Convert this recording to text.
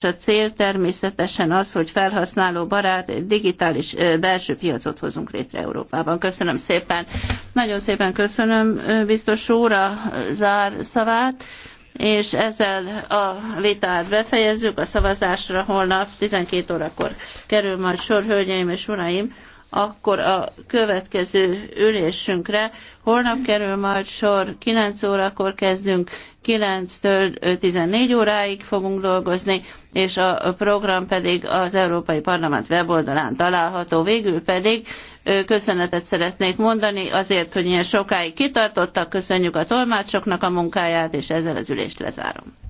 És a cél természetesen az, hogy felhasználó barát digitális belső piacot hozunk létre Európában. Köszönöm szépen. Nagyon szépen köszönöm biztos úr a zár szavát, és ezzel a vitát befejezzük. A szavazásra holnap 12 órakor kerül majd sor, hölgyeim és uraim akkor a következő ülésünkre holnap kerül majd sor, 9 órakor kezdünk, 9-től 14 óráig fogunk dolgozni, és a program pedig az Európai Parlament weboldalán található. Végül pedig köszönetet szeretnék mondani azért, hogy ilyen sokáig kitartottak, köszönjük a tolmácsoknak a munkáját, és ezzel az ülést lezárom.